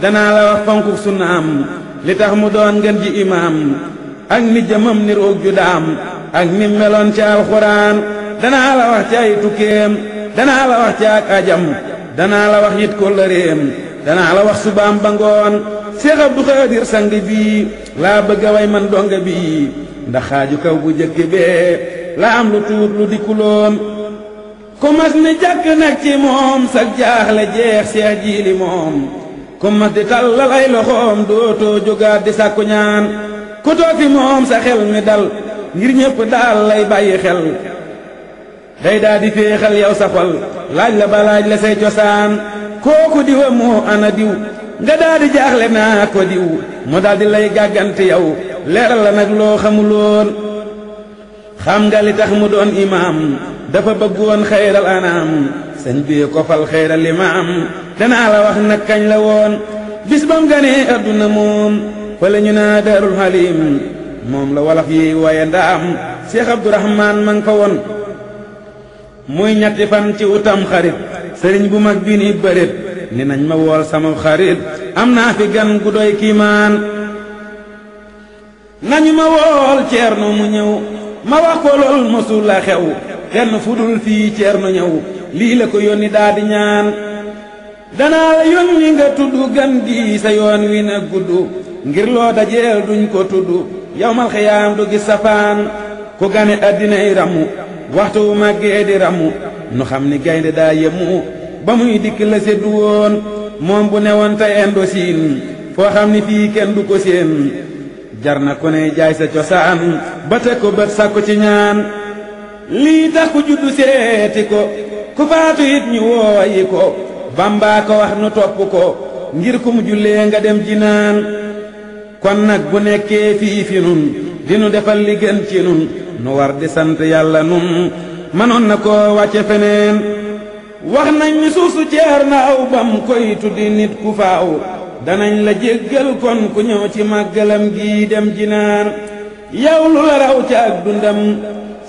dana la wax fonku sunnaam li tax mu doon ngën ji imaam ak ni jëmam ni roog ju daam ak ni meloon ci alxuraan danaa la wax ci ay tukkeem danaa la wax ci ak ajam danaa la wax yit kóllëreem danaa la wax subaam ba ngoon Seex Abdu Xaadir sang bii laa bëgg way man donga bii ndax xaaju kaw bu jëkk bee la am lu tuut lu dikkuloon ku mas ni jàkk nag ci moom sag jaaxle jeex seex jiili moom ku mas di tàllal ay loxoom dootoo jógaat di sàkku ñaan ku toog fi moom sa xel mi dal ngir ñépp daal lay bàyyi xel day daal di féexal yow sa xol laaj la ba la say cosaan kooku diwa moo ana diw nga daal di jaaxle naa ko diw mu daal di lay gàggante yow leeral la nag loo xamuloon xam nga li tax mu doon imaam dafa bëggoon xayral anaam sëñ bi ko fal xayral imaam na la wax nag kañ la woon bis bam ganee adduna moom fële ñu naa daarul halim moom la wolof yi waaye ndaam Cheikh Abdourahman ma nga fa woon muy ñetti fan ci utam xarit sëriñ bu mag bi ni bërit ni nañ ma wool sama xarit am naa fi gan gu doy kiimaan nañu ma wool ceerno mu ñëw ma wax ko lool mosul xew kenn fu dul fii ceerno ñëw lii la ko yónni daa ñaan danaa la yónni nga tudd gan gi sa yoon wi na gudd ngir loo dajeel duñ ko tudd yawmal xiyaam du gis safaan ku gane addinay ramu waxtu wu màggee ramu nu xam ni gaynde daa yemu ba muy dikk la sedd moom bu newoon te endo siin foo xam ni fii kenn du ko seen jar na ko ne jaay sa cosaan ba teg ko bët sàkku ci ñaan lii tax ku juddu seeti ko ku faatu it ñu wooyi ko bamba ko wax nu topp ko ngir ku mu nga dem ji kon nag bu nekkee fii fi nun dinu defal li gën ci nun nu war di sant yàlla nun manoon na koo wàcce wax nañ ni suuf su ceer na aw bam koy tuddi nit ku danañ la jéggal kon ku ñëw ci màggalam gii dem ji naan yow lu la raw ca ak dundam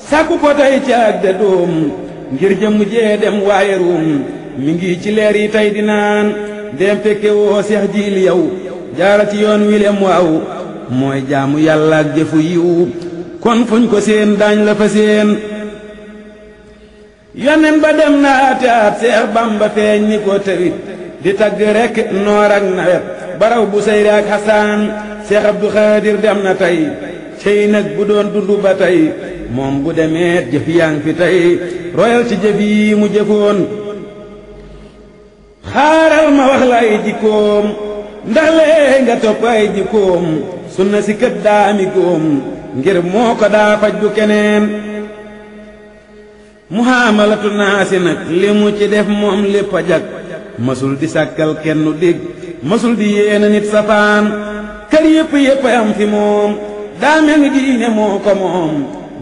sàkku ko tey ca de doom ngir jëm jee dem waaye mi ngi ci leer yi tey di naan dem fekke woo seex jiili jaara ci yoon wi lem waaw mooy jaamu yàlla ak jëfu yiw kon fuñ ko seen daañ la fa seen yonen ba dem na aati aat seex bamba feeñ ni ko tawit di tagg rekk noor ak nawet baraw bu sayri ak xasaan seex abdu xaadir dem na tey cey nag bu doon dundu ba moom bu demeet jëf yaa ngi fi tey royal ci jëf yi mu jëfoon xaaral ma wax la jikkoom ndax lee nga topp ay jikkoom sunna si kët daami koom ngir moo ko daa faj du keneen muhaamalatu naa si nag li mu ci def moom lépp a jag masul di sàkkal kenn dégg masul di yéena nit kër yépp yépp am fi moom daa mel ni diine moo ko moom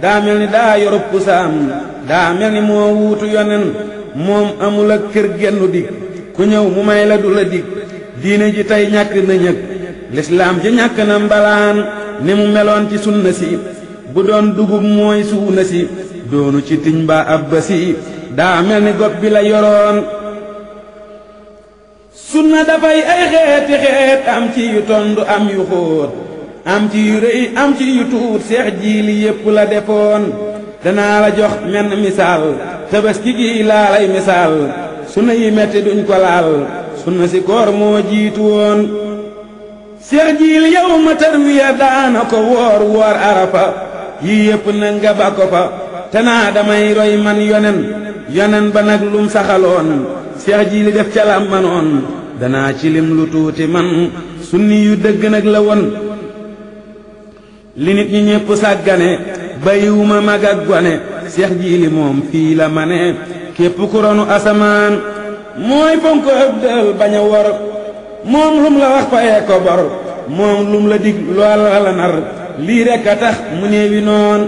daa mel ni daa yorub pusaam daa mel ni moo wuutu yonen moom amul ak kër gennu dikk ku ñëw mu may la du la dig diine ji tey ñàkk na ñëg lislaam ji ñàkk ni mu meloon ci sunna si bu doon dugub mooy suuna si doonu ci tiñ ba ab si daa mel ni gopp bi la yoroon sunna dafay ay xeeti xeet am ci yu tondu am yu xóot am ci yu rëy am ci yu tuut seex jiili yépp la defoon danaa la jox menn misaal tabaski gi laa lay misaal sunna yi metti duñ ko laal sunna si koor moo jiitu seex jiil yow ma tarwiya daana ko woor woor arafa yii yépp nag nga fa te roy man yonen yonen ba nag lum saxaloon seex jiil def ca la manoon danaa ci lu tuuti man sunni yu dëgg nag la woon li nit ñi ñépp sàggane bayiwuma mag ak gone seex jiili moom fii ma ne képp ku ronu asamaan mooy fonk ëpp dël bañ a wor moom lum la wax payee ko bor moom lum la dig loola la nar mu néewi noon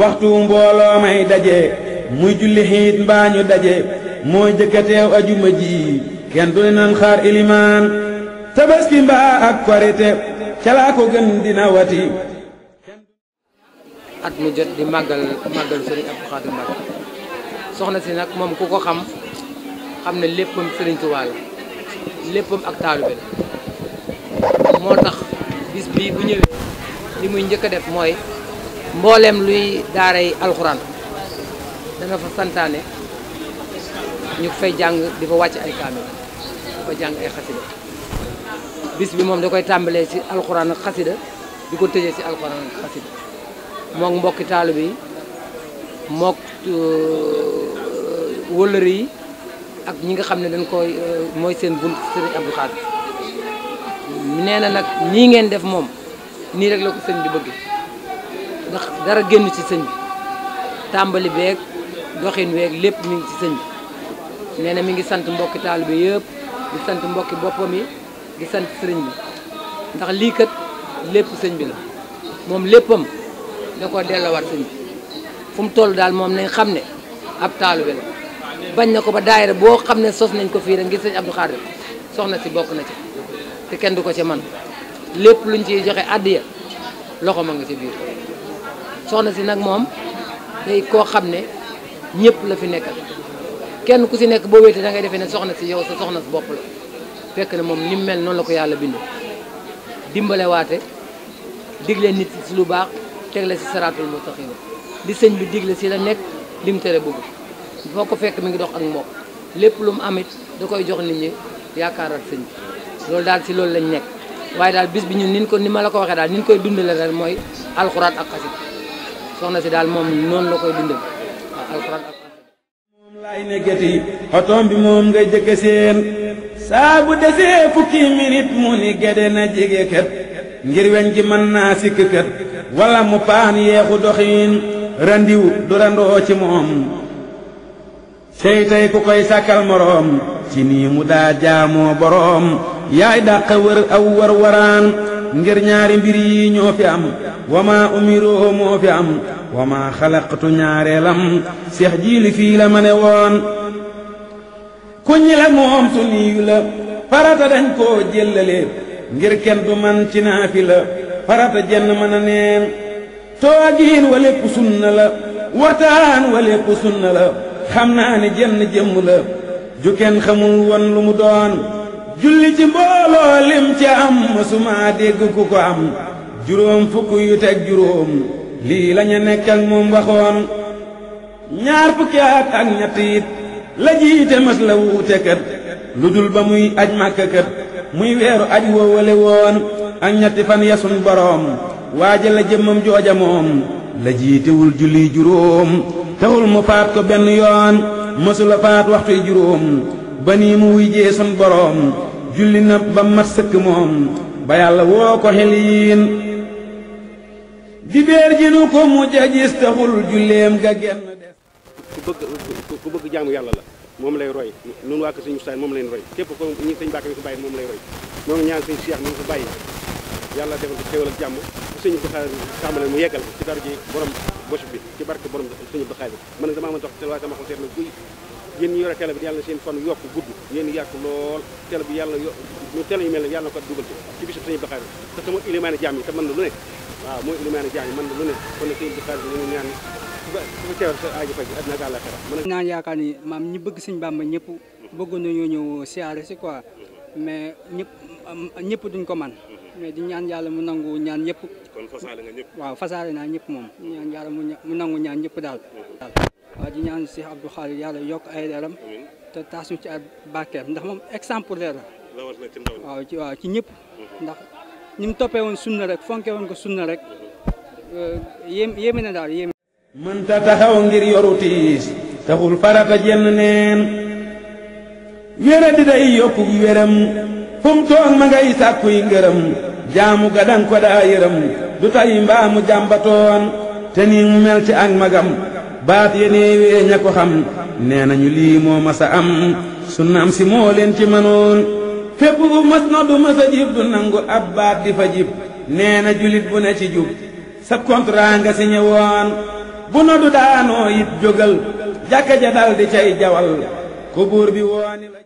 waxtu mbooloo daje muy julli xiit mbaa daje mooy jëkkateew ajuma ji kenn du ne nan xaar ilimaan tabaski mbaa ak korite calaa ko gën dina wati at mu jot di màggal màggal sëriñ Abdou Khadre Mbacké soxna si nag moom ku ko xam xam ne léppam Sëriñ Tuubaa la léppam ak taalibe la moo tax bis bii bu ñëwee li muy njëkk a def mooy mbooleem luy daaray alxuraan dana fa santaane ñu fay jàng di fa wàcc ay kaamil di fa jàng ay xasida bis bi moom da koy tàmbalee ci alxuraan ak xasida di ko tëjee ci alxuraan ak xasida mook mbokki taalibe yi mook euh, wëllëre yi ak ñi nga xam ne dañ koy euh, mooy seen bunt sëriñ Abdou Khadre nee na nag nii ngeen def moom nii rek la ko sëñ bi bëgg ndax dara génn ci sëñ bi tàmbali beeg doxin weeg lépp mi ngi ci sëñ bi nee na mi ngi sant mbokki taalibe yëpp di sant mbokki boppam yi di sant sëriñ bi ndax liikat kat lépp sëñ bi la moom léppam da ko delloowaat sëñ bi fu mu toll daal moom nañ xam ne ab taalibe la bañ na ko ba daayira boo xam ne sos nañ ko fii rek ngir sëñ Abdou Khadir soxna si bokk na ci te kenn du ko ci man lépp luñ ciy joxe addiya loxo ma nga ci biir soxna si nag moom day koo xam ne ñëpp la fi nekkal kenn ku si nekk boo wéetee da ngay defee ne soxna si yow sa soxna si bopp la fekk na moom ni mu mel noonu la ko yàlla bind dimbale waate digle nit si lu baax tegle si saraatul mustaqim di sëñ bi digle si la nekk lim tere bëgg foo ko fekk mi ngi dox ak mbokk lépp lu mu amit da koy jox nit ñi yaakaaral sëñ loolu daal ci loolu lañ nekk waaye daal bis bi ñun nin ko ni ma la ko waxee daal nin koy dundale daal mooy alxuraan ak xasit soxna si daal moom noonu la koy dundal waaw alxuraan ak xasit moom laay nekkati xotoom bi moom nga jëkk seen saa bu desee fukki minit mu ni gede na jege kat ngir weñ gi mën naa sikk kat wala mu paan yeexu doxiin randiw du randoo ci moom tey tey ku koy sàkkal moroom ci nii mu daa jaamoo boroom yaay dàq wër aw waraan ngir ñaari mbir yi ñoo fi am wa maa umiroo moo fi am wa maa xalaqtu ñaareelam seex jiili fii la ma ne woon ku ñi moom su la farata dañ koo jëllale ngir kenn du man ci naafi la farata jenn mën a neen toogiin wa lépp sunna la waxtaan wa lépp sunna la xam naa ne jenn jëmm la ju kenn xamul woon lu mu doon julli ci mbooloo lim ci am masumaa dégg ku ko am juróom fukk yu teg juróom lii lañu nekk ak moom waxoon ñaar fukki at ak ñett la jiite mas la wuute lu dul ba muy aj màkka kat muy weeru aj woowale woon ak ñetti fan yasun boroom waaja la jëmmam jooja moom la jiitewul julli juróom taxul mu faat ko benn yoon mësula faat waxtu yi juróom ba nii mu wujjee sun boroom julli na ba mat sëkk moom ba yàlla woo ko xeliin dibéer ji nu ko mujj a gis taxul julleem ga genn des ku bëgg ku bëgg jaamu yàlla la moom lay roy nunu waa ko suñu moom leen roy képp ko ñu sëñ Mbàkke bi bàyyi moom lay roy moo ngi ñaan sëñ Cheikh mi ko bàyyi yàlla defal ko xéewal ak jàmm bu sëñ ko xaar tàmbale mu yeggal ci dara ji borom bos bi ci barke borom sëñ Abdou Khadre man nag damaa mën tax waaye sama xol seet na guy yéen ñi yore télé bi yàlla na seen fan yokk gudd yéen yàq lool télé bi yàlla ñu télé yu mel ne yàlla na ko dugal ci ci bisub sëñ Abdou Khadre te sama ilimaane jaam yi te mën na lu ne waaw mooy ilimaane jaam yi mën na lu ne kon nag sëñ ñu ñaan su teewal sa aaji naan yaakaar ni maam ñi bëgg sëñ Bàmba ñëpp bëggoon nañoo ñëw siyaare si quoi mm-hmm. mais ñëpp ñëpp duñ ko man mm-hmm. mais di ñaan yàlla mu nangu ñaan yëpp kon fasaale waaw fasaale naa ñëpp moom ñaan yàlla mu nangu ñaan ñëpp daal. waaw di ñaan Cheikh Abdou Khadir yàlla yokk ay leeram te taas ci ay bàkkeem ndax moom exemple leer la. rawatina ci waaw ci waaw ci ñëpp. Mhm. ndax ni mu toppee woon sunna rek fonke woon ko sunna rek mhm. euh, yéem yéeme na daal yéeme. mënta taxaw ngir yoru taxul farata jenn neen wéra day yokku wéram. fum toog ma ngay yi ngërëm jaamu ga dang ko daa yërëm du tay mbaa mu te nii mu mel ci ak magam baat yeneewee ña ko xam nee nañu lii moo masa am sunnaam si moo leen ci mënoon fépp bu no du masa jib du nangu ab baat di fa jib nee na julit bu ne ci jub sa contrat nga si ñëwoon bu no du daanoo it jógal jàkka ja dal cay jawal ko buur bi wooni